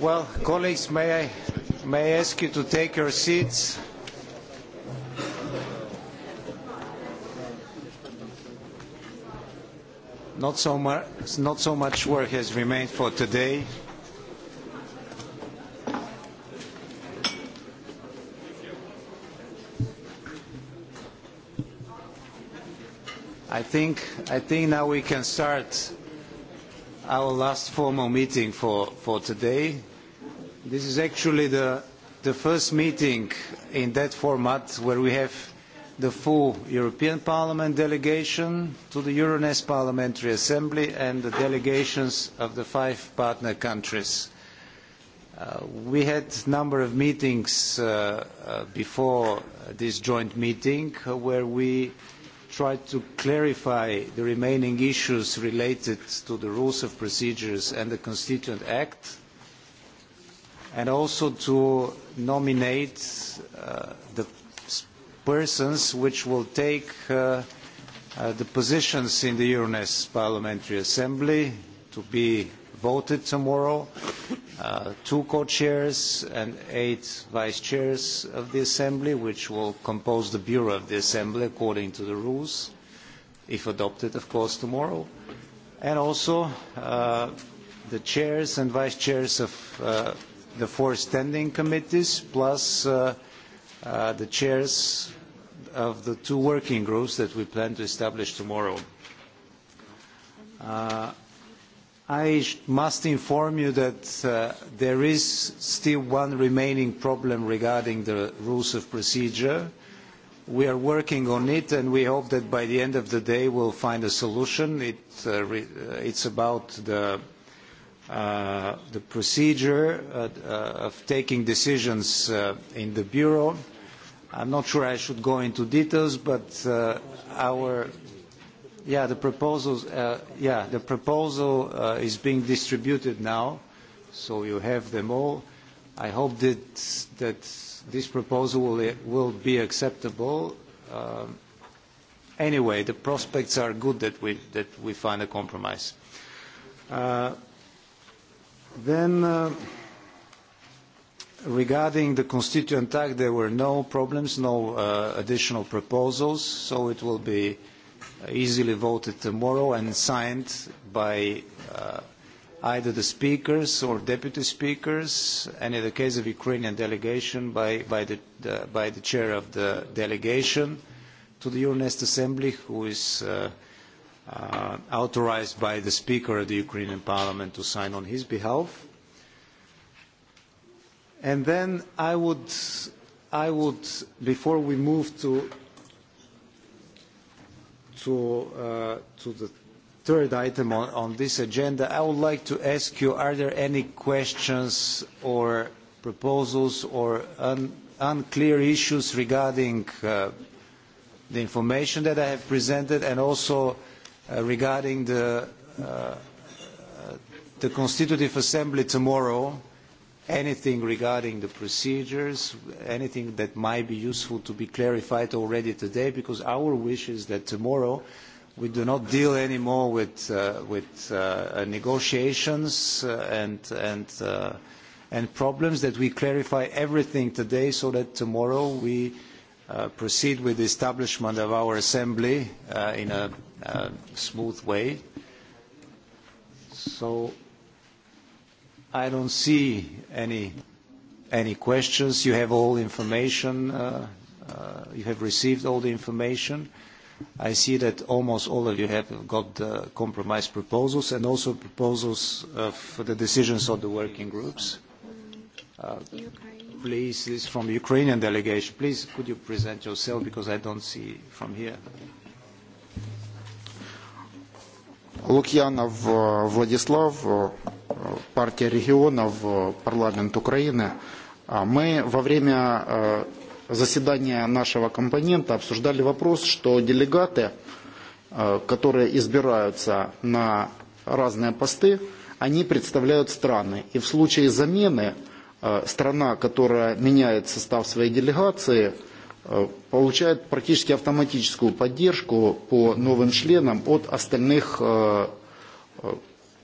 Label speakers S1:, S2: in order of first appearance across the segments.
S1: Well, colleagues, may I, may I ask you to take your seats? Not so, much, not so much work has remained for today. I think, I think now we can start our last formal meeting for, for today. This is actually the, the first meeting in that format where we have the full European Parliament delegation to the Euronest Parliamentary Assembly and the delegations of the five partner countries. we had a number of meetings before this joint meeting where we try to clarify the remaining issues related to the rules of procedures and the Constituent Act, and also to nominate the persons which will take the positions in the Euronest Parliamentary Assembly to be voted tomorrow two co-chairs and eight vice-chairs of the Assembly, which will compose the Bureau of the Assembly according to the rules, if adopted, of course, tomorrow. And also the chairs and vice-chairs of the four standing committees, plus the chairs of the two working groups that we plan to establish tomorrow. I must inform you that there is still one remaining problem regarding the rules of procedure. We are working on it, and we hope that by the end of the day, we'll find a solution. It It's about the procedure of taking decisions in the Bureau. I'm not sure I should go into details, but our Yeah, the proposals, uh, yeah, the proposal uh, is being distributed now, so you have them all. I hope that, that this proposal will, will be acceptable. Um, anyway, the prospects are good that we, that we find a compromise. Uh, then, uh, regarding the Constituent Act, there were no problems, no uh, additional proposals, so it will be easily voted tomorrow and signed by either the speakers or deputy speakers, and in the case of Ukrainian delegation, by, the, chair of the delegation to the Euronest Assembly, who is authorised by the Speaker of the Ukrainian Parliament to sign on his behalf. And then I would, before we move to, to the third item on this agenda, I would like to ask you, are there any questions or proposals or unclear issues regarding the information that I have presented and also regarding the Constitutive Assembly tomorrow? anything regarding the procedures, anything that might be useful to be clarified already today, because our wish is that tomorrow we do not deal anymore with, uh, with uh, negotiations and, and, uh, and problems, that we clarify everything today so that tomorrow we uh, proceed with the establishment of our assembly uh, in a uh, smooth way. So I don't see any questions. You have all information. you have received all the information. I see that almost all of you have got the compromise proposals and also proposals for the decisions of the working groups. please, this is from the Ukrainian delegation. Please, could you present yourself because I don't see from here.
S2: Лукьянов э, Владислав, э, партия регионов, э, парламент Украины. Мы во время заседания нашего компонента обсуждали вопрос, что делегаты, которые избираются на разные посты, они представляют страны. И в случае замены страна, которая меняет состав своей делегации – Э, получают практически автоматическую поддержку по новым членам от остальных э, э,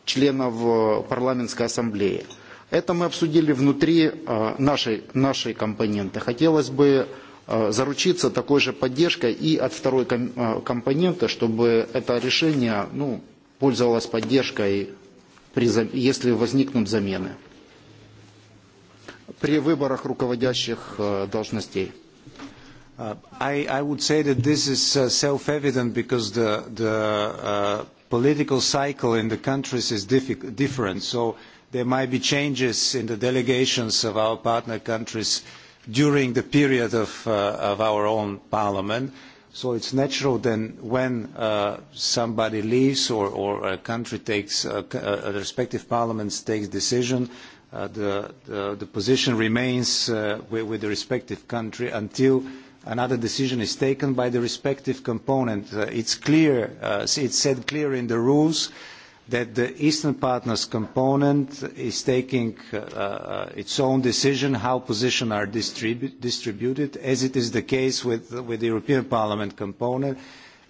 S2: членов парламентской ассамблеи. Это мы обсудили внутри нашей, нашей компоненты. Хотелось бы заручиться такой же поддержкой и от второй компоненты, чтобы это решение ну, пользовалось поддержкой, при, если возникнут замены
S1: при выборах руководящих должностей. I would say that this is self-evident because the political cycle in the countries is different. So there might be changes in the delegations of our partner countries during the period of, our own parliament. So it's natural then when somebody leaves or, a country takes, a respective parliament takes decision, the, position remains with, the respective country until another decision is taken by the respective component. It's clear, it's said clear in the rules that the Eastern Partners component is taking its own decision how positions are distributed, as it is the case with, the European Parliament component.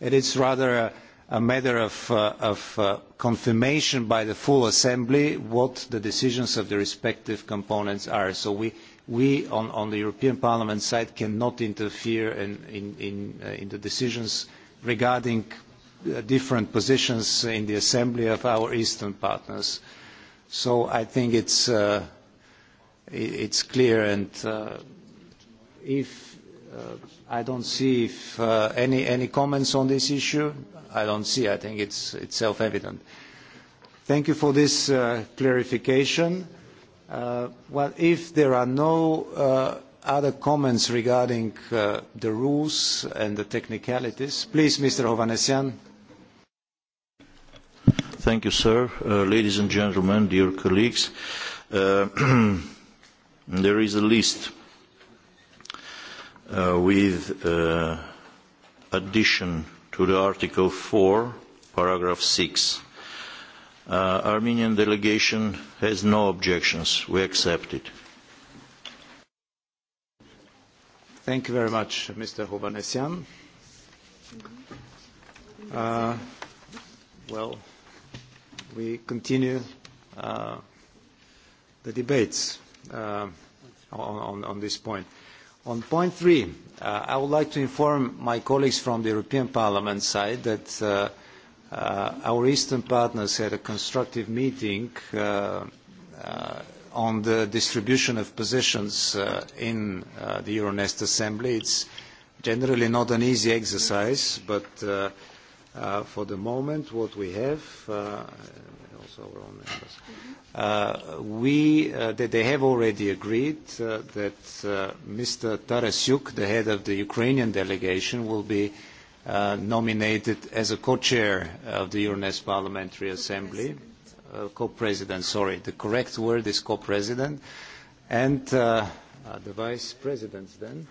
S1: It is rather a, matter of, confirmation by the full Assembly what the decisions of the respective components are. So we we on the European Parliament side cannot interfere in the decisions regarding different positions in the assembly of our eastern partners. So I think it's it's clear, and if I don't see if any comments on this issue, I don't see. I think it's self-evident. Thank you for this clarification. Well, if there are no other comments regarding the rules and the technicalities, please, Mr. Hovhannissian.
S3: Thank you, sir. Ladies and gentlemen, dear colleagues, there is a list with addition to the Article 4, paragraph 6 Uh, Armenian delegation has no objections. We accept it.
S1: Thank you very much, Mr. Hovanesyan. Uh, well, we continue uh, the debates uh, on, on this point. On point three, uh, I would like to inform my colleagues from the European Parliament side that uh, our Eastern partners had a constructive meeting on the distribution of positions in the Euronest Assembly. It's generally not an easy exercise, but for the moment, what we have, also our own members, that they have already agreed that Mr. Tarasyuk, the head of the Ukrainian delegation, will be nominated as a co-chair of the Euronest Parliamentary Assembly, co-president, sorry, the correct word is co-president, and the vice presidents then,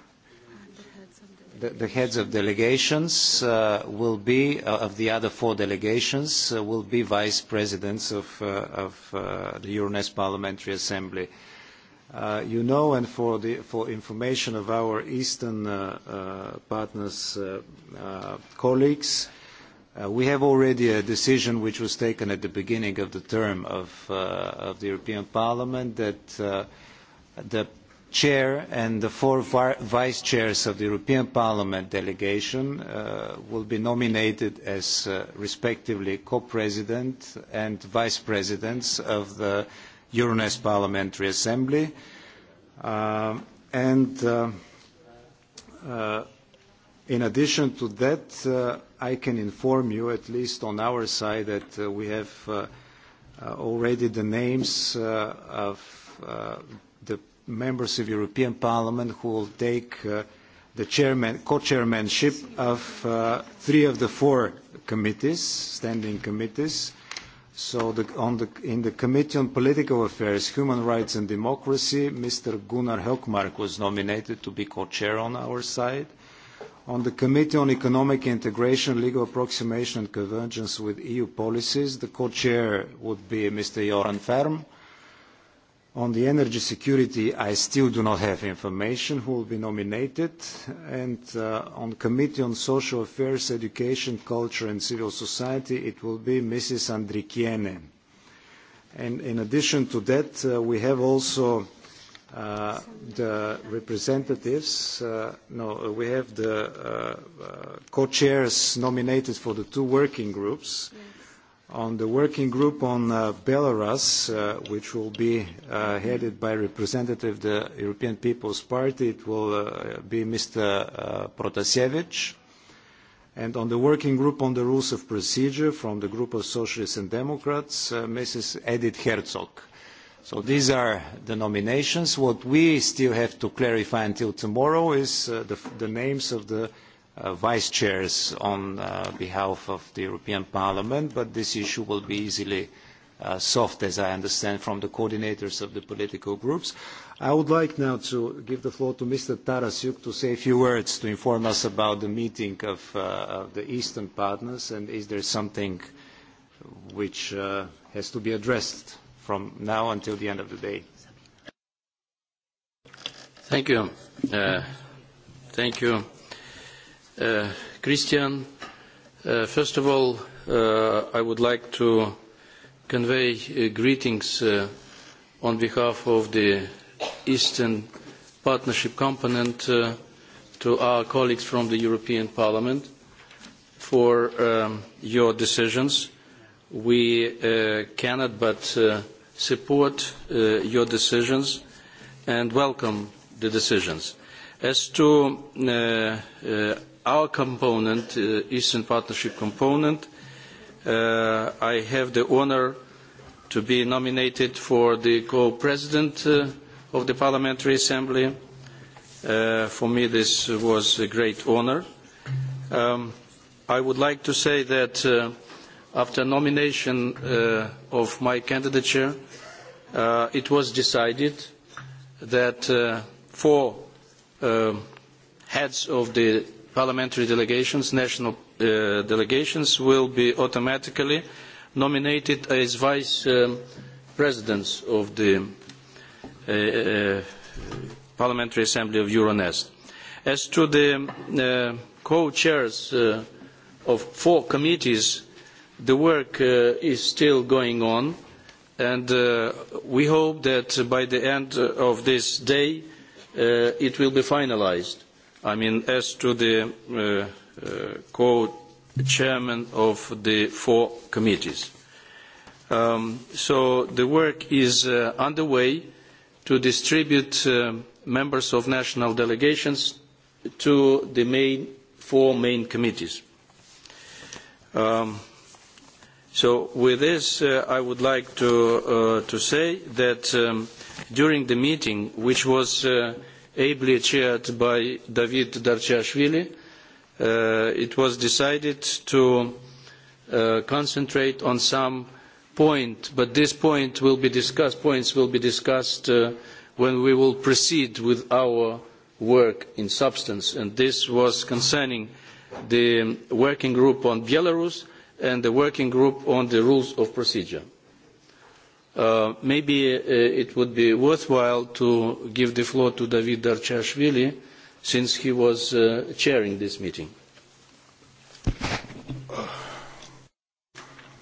S1: the heads of delegations will be, of the other four delegations, will be vice presidents of the Euronest Parliamentary Assembly you know, and for the for information of our Eastern partners colleagues, we have already a decision which was taken at the beginning of the term of the European Parliament that the chair and the four vice chairs of the European Parliament delegation will be nominated as respectively co-president and vice presidents of the Euronest Parliamentary Assembly. and in addition to that, I can inform you, at least on our side, that we have already the names of the members of European Parliament who will take the co-chairmanship of three of the four committees, standing committees So in the Committee on Political Affairs, Human Rights and Democracy, Mr. Gunnar Helkmark was nominated to be co-chair on our side. On the Committee on Economic Integration, Legal Approximation and Convergence with EU Policies, the co-chair would be Mr. Joran Ferm. On the energy security, I still do not have information who will be nominated. And on Committee on Social Affairs, Education, Culture and Civil Society, it will be Mrs. Andrikiene. And in addition to that, we have also the representatives, no, we have the co-chairs nominated for the two working groups on the working group on Belarus, which will be headed by a representative of the European People's Party. It will be Mr. Protasevich. And on the working group on the rules of procedure from the group of Socialists and Democrats, Mrs. Edith Herzog. So these are the nominations. What we still have to clarify until tomorrow is the names of the vice chairs on behalf of the European Parliament, but this issue will be easily solved, as I understand, from the coordinators of the political groups. I would like now to give the floor to Mr. Tarasyuk to say a few words to inform us about the meeting of, the Eastern partners and is there something which has to be addressed from now until the
S4: end of the day. Thank you. thank you Christian. first of all, I would like to convey greetings on behalf of the Eastern Partnership component to our colleagues from the European Parliament for your decisions. We cannot but support your decisions and welcome the decisions. As to our component, uh, Eastern Partnership component, uh, I have the honor to be nominated for the co-president uh, of the Parliamentary Assembly. Uh, for me, this was a great honor. Um, I would like to say that uh, after nomination uh, of my candidature, uh, it was decided that uh, four uh, heads of the parliamentary delegations, national delegations, will be automatically nominated as vice presidents of the Parliamentary Assembly of Euronest. As to the co-chairs of four committees, the work is still going on, and we hope that by the end of this day it will be finalised I mean, as to the co-chairman of the four committees. so the work is underway to distribute members of national delegations to the main, four main committees. so with this, I would like to, say that during the meeting, which was ably chaired by David Darchashvili, it was decided to concentrate on some point, but this point will be discussed, points will be discussed when we will proceed with our work in substance. And this was concerning the working group on Belarus and the working group on the rules of procedure maybe it would be worthwhile to give the floor to David Darchashvili since he was chairing this meeting.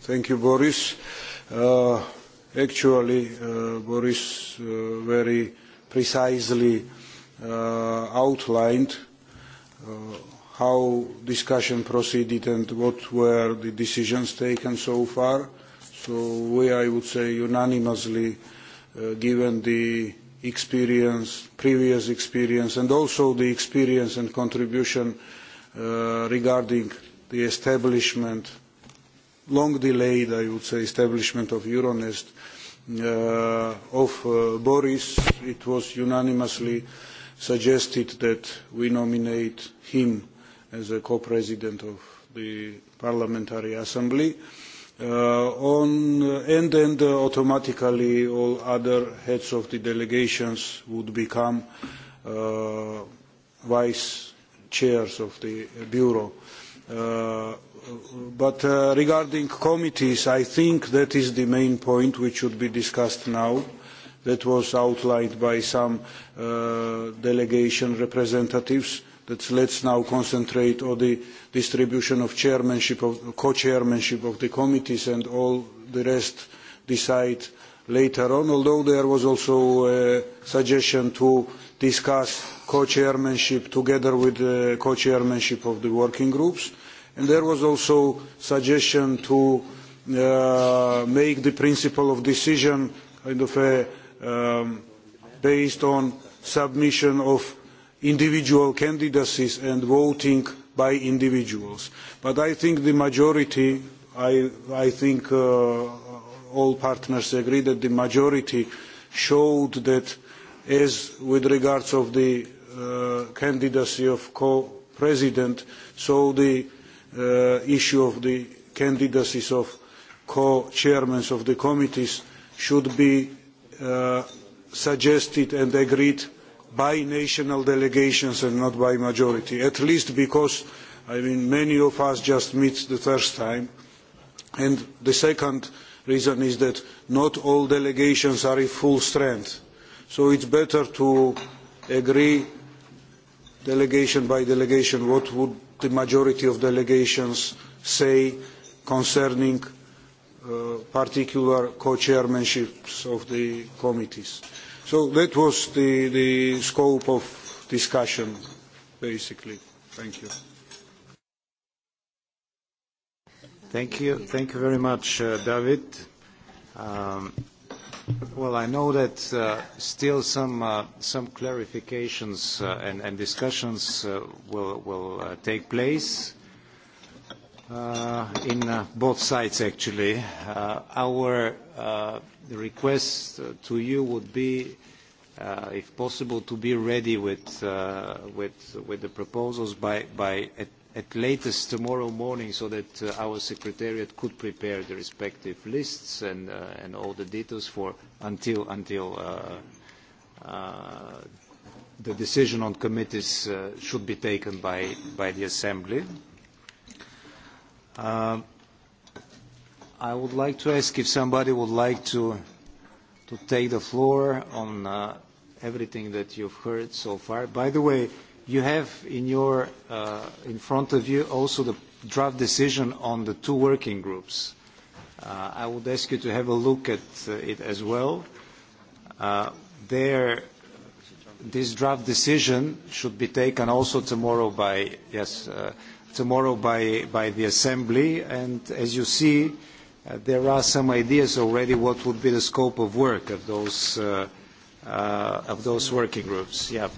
S5: Thank you, Boris. actually, Boris very precisely outlined how discussion proceeded and what were the decisions taken so far So we, I would say, unanimously, given the experience, previous experience, and also the experience and contribution regarding the establishment, long delayed, I would say, establishment of Euronest, of Boris, it was unanimously suggested that we nominate him as a co-president of the Parliamentary Assembly and then automatically all other heads of the delegations would become vice chairs of the bureau. but regarding committees, I think that is the main point which should be discussed now. That was outlined by some delegation representatives that let's now concentrate on the distribution of chairmanship, of co-chairmanship of the committees and all the rest decide later on, although there was also a suggestion to discuss co-chairmanship together with the co-chairmanship of the working groups. And there was also suggestion to make the principle of decision kind of based on submission of individual candidacies and voting by individuals. But I think the majority, I, think all partners agree that the majority showed that as with regards of the candidacy of co-president, so the issue of the candidacies of co-chairmen of the committees should be suggested and agreed by national delegations and not by majority, at least because I mean, many of us just meet the first time. And the second reason is that not all delegations are at full strength. So it is better to agree delegation by delegation what would the majority of delegations say concerning particular co-chairmanships of the committees. So that was the, the scope of discussion, basically. Thank you.
S1: Thank you. Thank you very much, David. Well, I know that still some clarifications and discussions will take place in both sides, actually. Our request to you would be, if possible, to be ready with the proposals by at latest tomorrow morning so that our secretariat could prepare the respective lists and all the details for until the decision on committees should be taken by the assembly. I would like to ask if somebody would like to to take the floor on uh, everything that you've heard so far. By the way, you have in your uh, in front of you also the draft decision on the two working groups. Uh, I would ask you to have a look at uh, it as well. Uh, there, this draft decision should be taken also tomorrow by yes. Uh, tomorrow by, by the Assembly. And as you see, there are some ideas already what would be the scope of work of those, of those working groups. Yeah.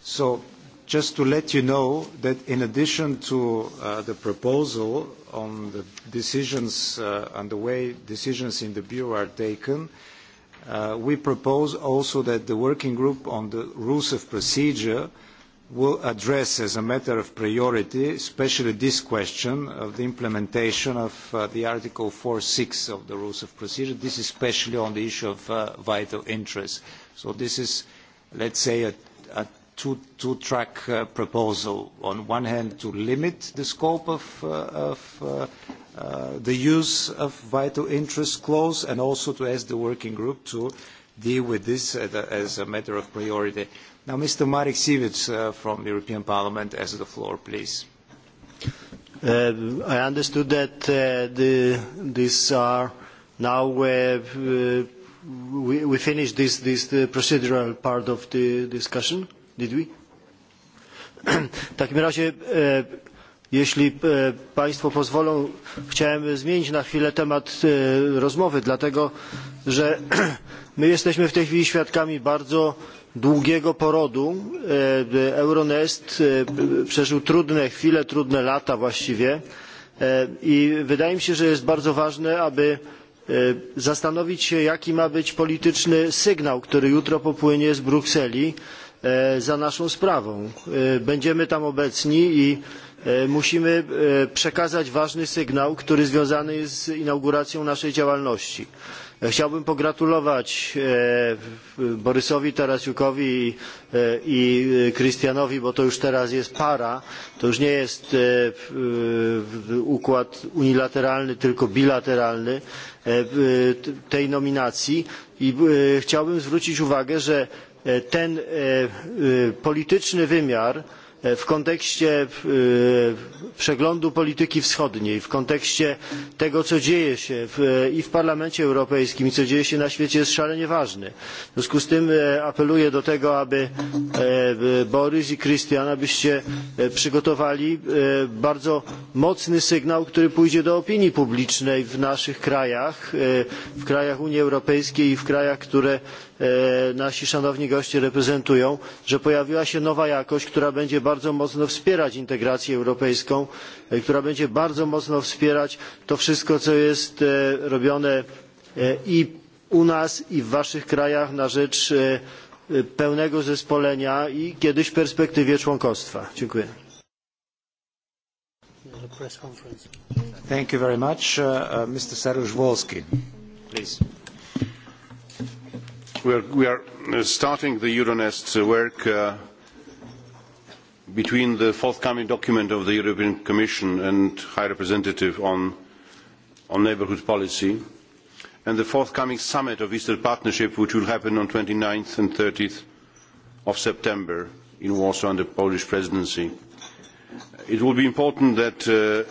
S1: So just to let you know that in addition to the proposal on the decisions on the way decisions in the Bureau are taken, we propose also that the working group on the rules of procedure – will address as a matter of priority, especially this question of the implementation of the Article 4.6 of the Rules of Procedure. This is especially on the issue of vital interest. So this is, let's say, a, a two-track proposal. On one hand, to limit the scope of, the use of vital interest clause and also to ask the working group to deal with this as a matter of priority. Now, Mr. Marek Siewicz uh, from the European Parliament has the floor, please.
S2: Uh, I understood that uh, the, these are now uh, we, we finished this, this the procedural part of the discussion, did we? W takim razie, jeśli Państwo pozwolą, chciałem zmienić na chwilę temat rozmowy, dlatego że my jesteśmy w tej chwili świadkami bardzo długiego porodu. Euronest przeżył trudne chwile, trudne lata właściwie i wydaje mi się, że jest bardzo ważne, aby zastanowić się, jaki ma być polityczny sygnał, który jutro popłynie z Brukseli za naszą sprawą. Będziemy tam obecni i musimy przekazać ważny sygnał, który związany jest z inauguracją naszej działalności. Chciałbym pogratulować Borysowi Tarasiukowi i Krystianowi, bo to już teraz jest para. To już nie jest układ unilateralny, tylko bilateralny tej nominacji. I chciałbym zwrócić uwagę, że ten polityczny wymiar w kontekście przeglądu polityki wschodniej w kontekście tego co dzieje się i w parlamencie europejskim i co dzieje się na świecie jest szalenie ważny. w związku z tym apeluję do tego aby borys i Christian abyście przygotowali bardzo mocny sygnał który pójdzie do opinii publicznej w naszych krajach w krajach unii europejskiej i w krajach które nasi szanowni goście reprezentują że pojawiła się nowa jakość która będzie bardzo mocno wspierać integrację europejską która będzie bardzo mocno wspierać to wszystko co jest robione i u nas i w waszych krajach na rzecz pełnego zespolenia i kiedyś w perspektywie członkostwa. dziękuję.
S1: Thank you very much. Uh, Mr. wolski
S6: please we are starting the Euronest work between the forthcoming document of the European Commission and High Representative on neighbourhood policy and the forthcoming summit of Eastern Partnership which will happen on 29th and 30th of September in Warsaw under Polish presidency. It will be important that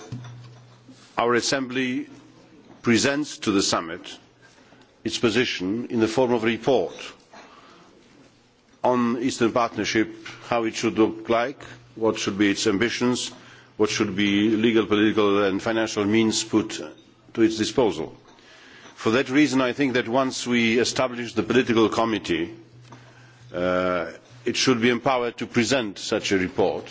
S6: our Assembly presents to the summit its position in the form of a report on the Eastern Partnership, how it should look like, what should be its ambitions, what should be legal, political and financial means put to its disposal. For that reason, I think that once we establish the political committee, it should be empowered to present such a report,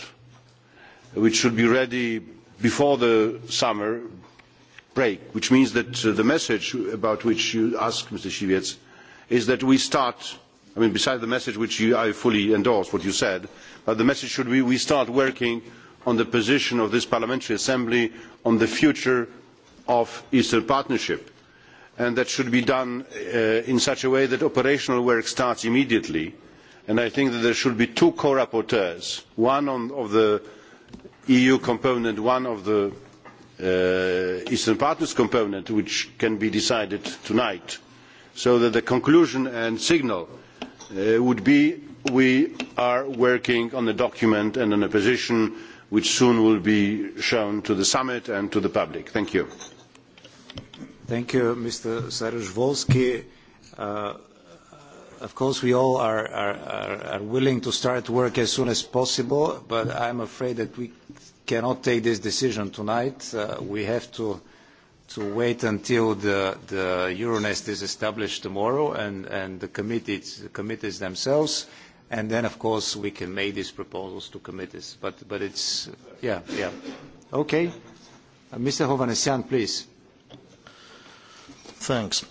S6: which should be ready before the summer, break, which means that the message about which you ask, Mr. Shivets, is that we start, I mean, besides the message which you, I fully endorse what you said, but the message should be we start working on the position of this Parliamentary Assembly on the future of the Eastern Partnership. And that should be done in such a way that operational work starts immediately. And I think that there should be two co-rapporteurs, one of the EU component, one of the Eastern Partners component, which can be decided tonight, so that the conclusion and signal would be we are working on a document and on a position which soon will be shown to the summit and to the public. Thank you.
S1: Thank you, Mr. Saryusz-Wolski. of course, we all are, willing to start work as soon as possible, but I am afraid that we cannot take this decision tonight. We have to wait until the Euronest is established tomorrow and the committees themselves, and then, of course, we can make these proposals to committees. But it's... Yeah, yeah. Okay. Mr. Hovhannissian, please. Thanks.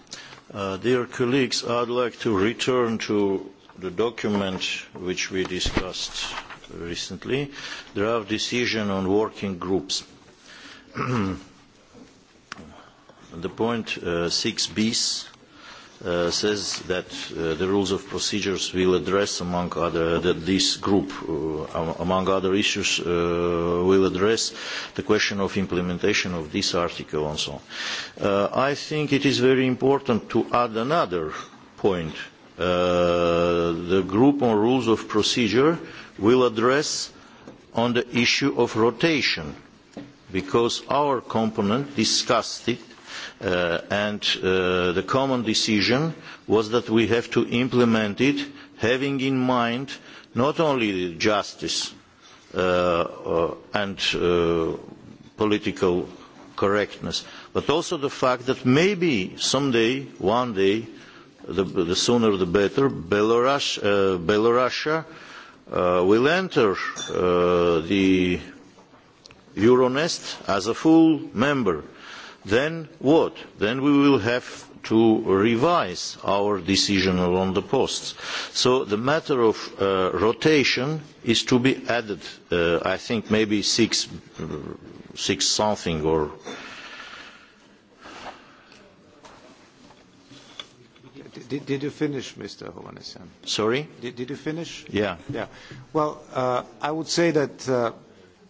S3: Dear colleagues, I'd like to return to the document which we discussed recently, draft decision on working groups. the point six bis says that the rules of procedures will address, among other, that this group, among other issues, will address the question of implementation of this article and so on. I think it is very important to add another point. the group on rules of procedure uh, will address on the issue of rotation, because our component discussed it, and the common decision was that we have to implement it, having in mind not only justice and political correctness, but also the fact that maybe someday, one day, the, sooner the better, Belarus, will enter the Euronest as a full member, then what? Then we will have to revise our decision on the posts. So the matter of rotation is to be added, I think maybe six, six something or
S1: Did, did you finish, Mr. Hovanesyan? Sorry? Did, did you finish? Yeah. Yeah. Well, uh, I would say that uh,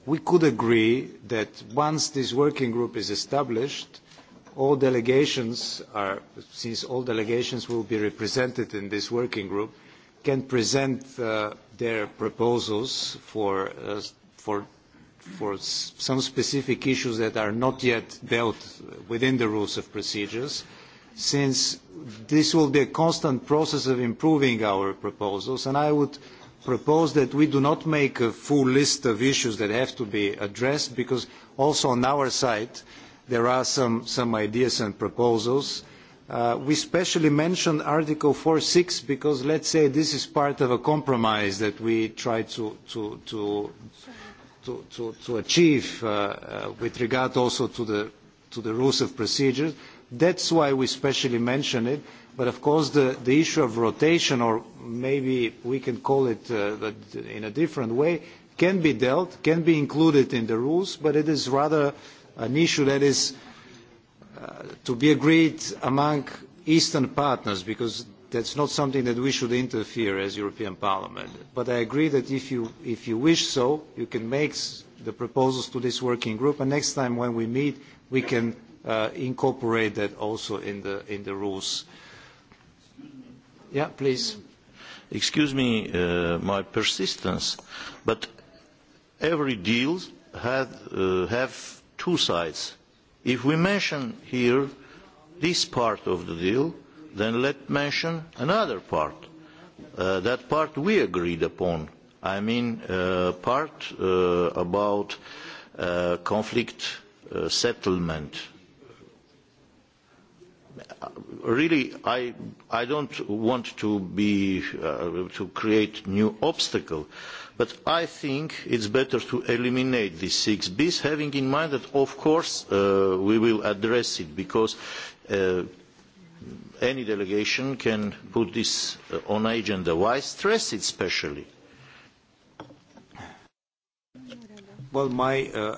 S1: we could agree that once this working group is established, all delegations are, since all delegations will be represented in this working group, can present their proposals for, for, for some specific issues that are not yet dealt within the rules of procedures since this will be a constant process of improving our proposals, and I would propose that we do not make a full list of issues that have to be addressed, because also on our side there are some, ideas and proposals. we specially mentioned Article four six because let's say this is part of a compromise that we try to, achieve with regard also to the, rules of procedure That is why we specially mention it. But of course, the, the issue of rotation, or maybe we can call it in a different way, can be dealt, can be included in the rules, but it is rather an issue that is to be agreed among Eastern partners, because that is not something that we should interfere as European Parliament. But I agree that if you, if you wish so, you can make the proposals to this working group, and next time when we meet, we can incorporate that also in the, in the rules. Yeah, please.
S3: Excuse me uh, my persistence, but every deal had, uh, have two sides. If we mention here this part of the deal, then let mention another part. Uh, that part we agreed upon. I mean, uh, part uh, about uh, conflict uh, settlement really, I, I don't want to, be, uh, to create new obstacle, but I think it's better to eliminate these six Bs, having in mind that, of course, uh, we will address it, because uh, any delegation can put this on agenda. Why stress it specially?
S1: Well,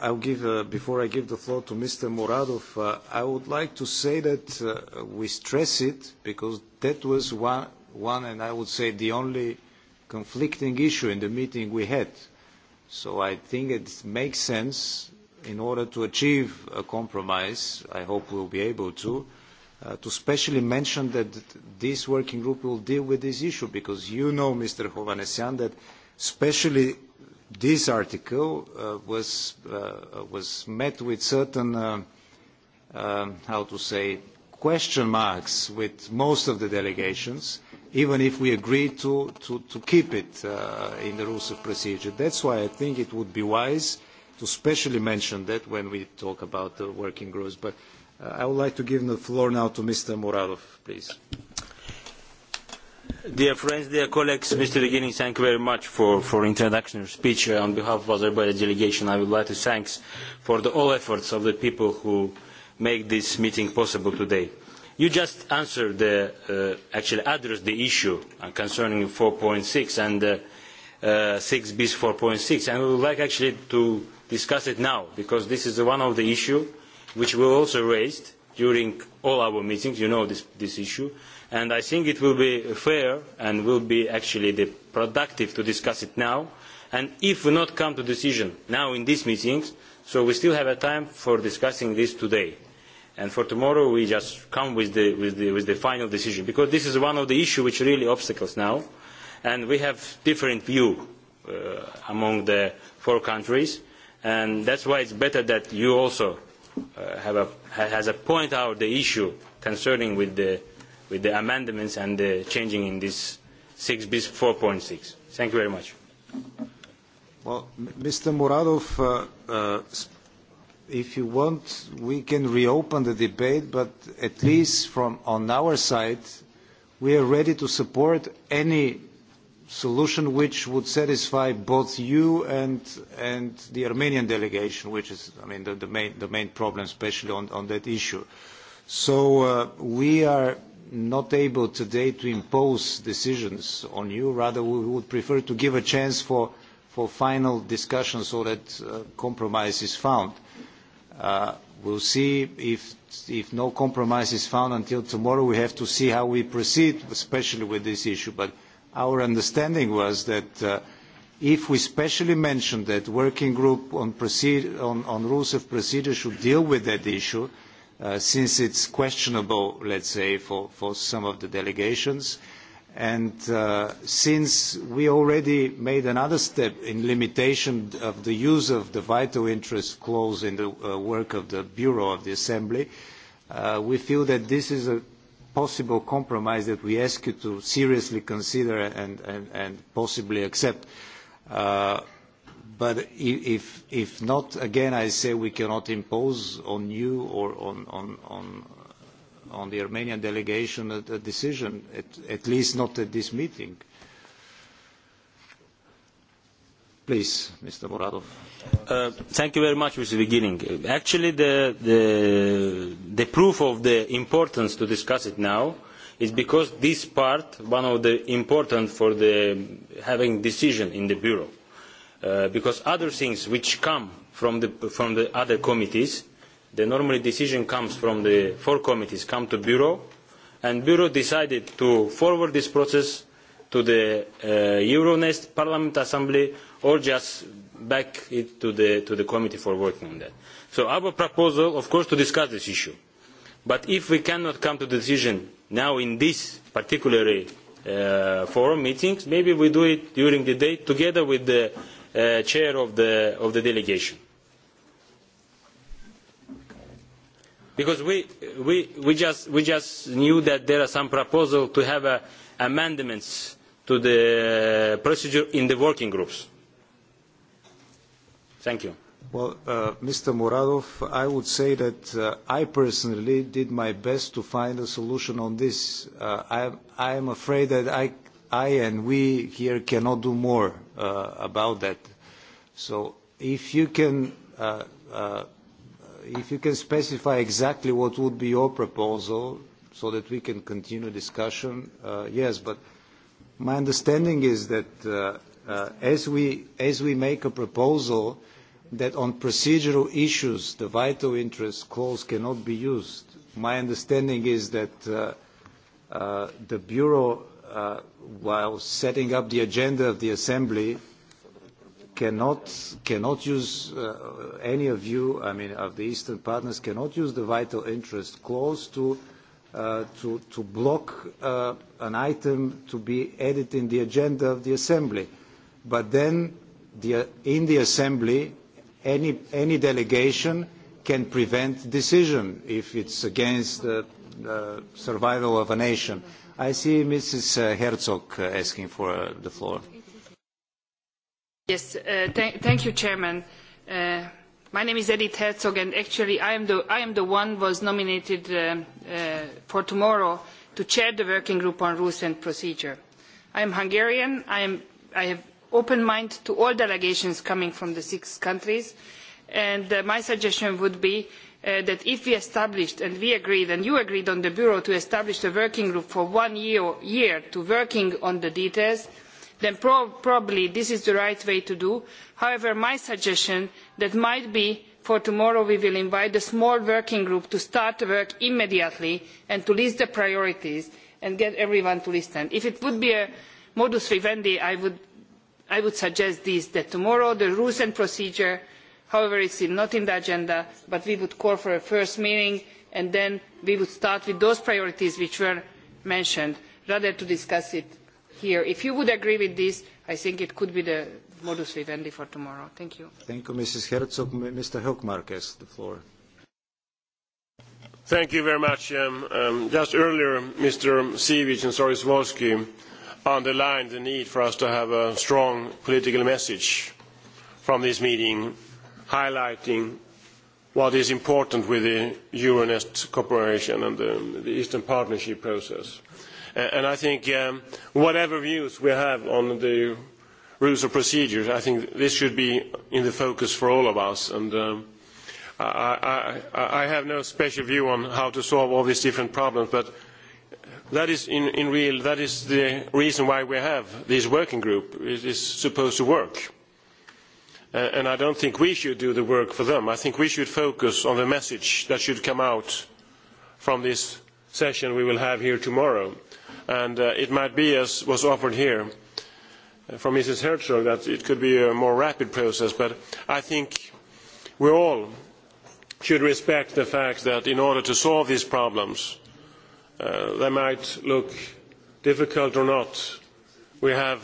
S1: I'll give, before I give the floor to Mr. Muradov, I would like to say that we stress it because that was one, one, and I would say the only conflicting issue in the meeting we had. So I think it makes sense in order to achieve a compromise, I hope we'll be able to, to specially mention that this working group will deal with this issue because you know, Mr. Hovanesyan, that especially this article uh, was, uh, was met with certain, uh, uh, how to say, question marks with most of the delegations, even if we agreed to, to, to keep it uh, in the rules of procedure. That's why I think it would be wise to specially mention that when we talk about the working groups. But uh, I would like to give the floor now to Mr. Muradov, please.
S7: Dear friends, dear colleagues, Mr. Beginning, thank you very much for, for introduction and speech. on behalf of Azerbaijan delegation, I would like to thank for the, all efforts of the people who make this meeting possible today. You just answered the, uh, actually addressed the issue concerning 4.6 and uh, uh, 6 bis 4.6, and we would like actually to discuss it now, because this is one of the issues which we also raised during all our meetings. You know this, this issue. And I think it will be fair and will be actually the productive to discuss it now. And if we not come to decision now in these meetings, so we still have a time for discussing this today. And for tomorrow, we just come with the, with the, with the final decision. Because this is one of the issues which really obstacles now. And we have different view uh, among the four countries. And that's why it's better that you also have a, has a point out the issue concerning with the, with the amendments and the changing in this 6 bis 4.6. Thank you very much.
S1: Well, Mr. Muradov, uh, uh, if you want, we can reopen the debate, but at least from on our side, we are ready to support any solution which would satisfy both you and, and the Armenian delegation, which is, I mean, the, the, main, the main problem, especially on, on that issue. So uh, we are not able today to impose decisions on you. Rather, we would prefer to give a chance for, for final discussion so that uh, compromise is found. Uh, we'll see if, if no compromise is found until tomorrow. We have to see how we proceed, especially with this issue. But our understanding was that if we specially mentioned that working group on, rules of procedure should deal with that issue, since it is questionable, let's say, for, some of the delegations, and since we already made another step in limitation of the use of the vital interest clause in the work of the Bureau of the Assembly, we feel that this is a possible compromise that we ask you to seriously consider and, and, and possibly accept. but if, if not, again, I say we cannot impose on you or on, on, on, on the Armenian delegation a, a decision, at, at least not at this meeting. Uh,
S7: Please, Mr. Muradov. Thank you very much, Mr. Beginning. Actually, the, the, the proof of the importance to discuss it now is because this part, one of the important for the having decision in the Bureau, uh, because other things which come from the, from the other committees, the normally decision comes from the four committees, come to Bureau, and Bureau decided to forward this process to the uh, Euronest Parliament Assembly or just back it to the, to the committee for working on that. So our proposal, of course, to discuss this issue. But if we cannot come to the decision now in this particular uh, forum meetings, maybe we do it during the day together with the uh, chair of the, of the delegation. Because we, we, we, just, we just knew that there are some proposals to have uh, amendments to the procedure in the working groups Thank you.
S1: Well, Mr. Muradov, I would say that I personally did my best to find a solution on this. I, am afraid that I, I and we here cannot do more about that. So if you can if you can specify exactly what would be your proposal so that we can continue discussion, yes, but my understanding is that as we as we make a proposal, uh, that on procedural issues, the vital interest clause cannot be used. My understanding is that the Bureau, while setting up the agenda of the Assembly, cannot, cannot use any of you, I mean, of the Eastern partners, cannot use the vital interest clause to, to, to block an item to be added in the agenda of the Assembly. But then, the, in the Assembly, any delegation can prevent decision if it is against the survival of a nation. I see Mrs. Herzog asking for the floor.
S8: Yes, thank you, Chairman. my name is Edith Herzog, and actually, I am the I am the one was nominated for tomorrow to chair the working group on rules and procedure. I am Hungarian. I am I have open mind to all delegations coming from the six countries. And my suggestion would be that if we established, and we agreed, and you agreed on the Bureau to establish a working group for one year, to working on the details, then probably this is the right way to do. However, my suggestion that might be for tomorrow we will invite a small working group to start work immediately and to list the priorities and get everyone to listen. If it would be a modus vivendi, I would I would suggest this, that tomorrow the rules and procedure, however is not in the agenda, but we would call for a first meeting and then we would start with those priorities which were mentioned, rather than to discuss it here. If you would agree with this, I think it could be the modus vivendi for tomorrow. Thank you.
S1: Thank you, Mrs. Herzog. Mr. Hökmark has the floor.
S9: Thank you very much. just earlier, Mr. Sivic and Sarius underline the need for us to have a strong political message from this meeting highlighting what is important with the Euronest cooperation and the Eastern Partnership process. I think whatever views we have on the rules of procedure, I think this should be in the focus for all of us. And I have no special view on how to solve all these different problems, but that is in, in real that is the reason why we have this working group it is supposed to work and i do not think we should do the work for them i think we should focus on the message that should come out from this session we will have here tomorrow and it might be as was offered here from mrs herczog that it could be a more rapid process but i think we all should respect the fact that in order to solve these problems they might look difficult or not, we have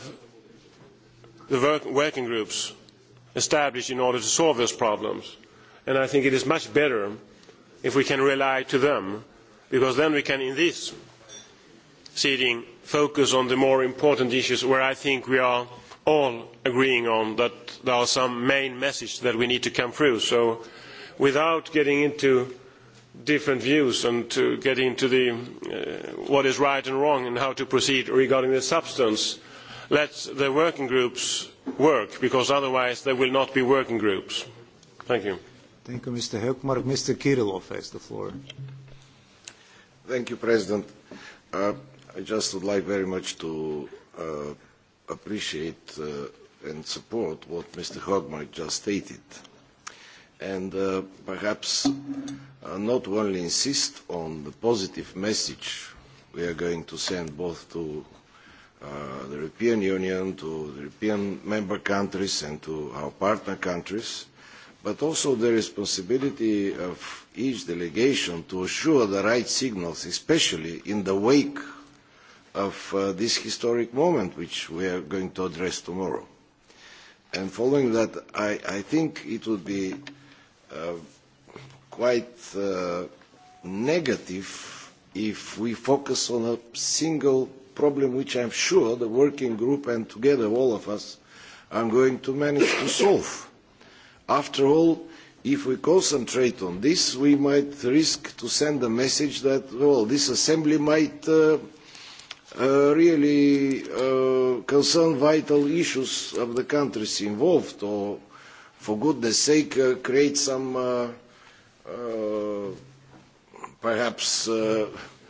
S9: the working groups established in order to solve those problems. And I think it is much better if we can rely on them, because then we can, in this sitting, focus on the more important issues where I think we are all agreeing on that there are some main messages that we need to come through. So without getting into different views and to get into the, what is right and wrong and how to proceed regarding the substance. Let the working groups work, because otherwise there will not be working groups. Thank you.
S1: Thank you, Mr. Hökmark. Mr. kirilov has the floor.
S10: Thank you, President. Uh, I just would like very much to uh, appreciate uh, and support what Mr. Hökmark just stated and perhaps not only insist on the positive message we are going to send both to the European Union, to the European member countries and to our partner countries, but also the responsibility of each delegation to assure the right signals, especially in the wake of this historic moment which we are going to address tomorrow. And following that, I, I think it would be quite negative if we focus on a single problem which I am sure the working group and together all of us are going to manage to solve. After all, if we concentrate on this, we might risk to send a message that, well, this assembly might really concern vital issues of the countries involved or for goodness sake, uh, create some uh, uh, perhaps uh,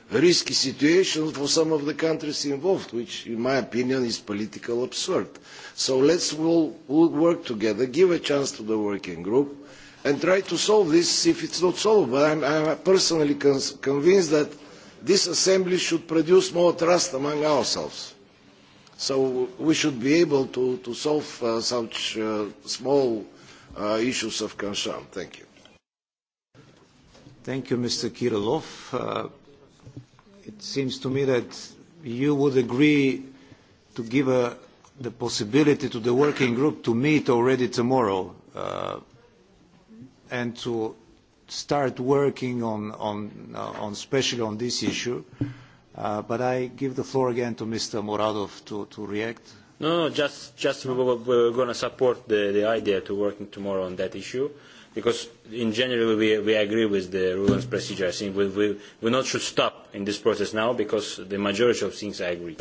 S10: risky situation for some of the countries involved, which, in my opinion, is political absurd. So let's all we'll work together, give a chance to the working group, and try to solve this if it's not solved. But I'm, I'm personally convinced that this assembly should produce more trust among ourselves. So we should be able to, to solve uh, such uh, small issues
S1: of concern. Thank you. Thank you, Mr. Kirilov. it seems to me that you would agree to give a, the possibility to the working group to meet already tomorrow and to start working on, on, on especially on this issue. but I give the floor again to Mr. Moradov
S7: to, to react. No, no, just just we were, we we're going to support the, the idea to working tomorrow on that issue, because in general we, we agree with the rules procedure. I think we, we we not should stop in this process now because the majority of things I agree.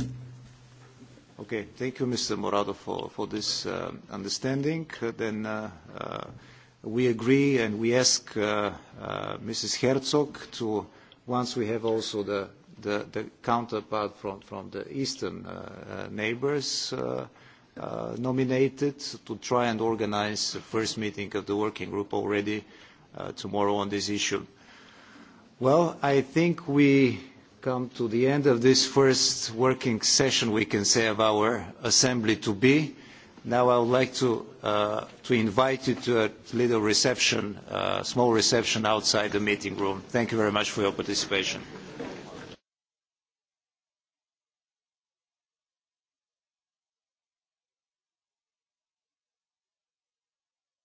S7: Okay,
S1: thank you, Mr. Morado, for for this uh, understanding. Then. Uh, uh, we agree and we ask uh, uh, Mrs. Herzog to, once we have also the the, the counterpart from, from the eastern neighbours neighbors uh, nominated to try and organize the first meeting of the working group already uh, tomorrow on this issue. Well, I think we come to the end of this first working session, we can say, of our assembly to be. Now I would like to, to invite you to a little reception, a small reception outside the meeting room. Thank you very much for your participation.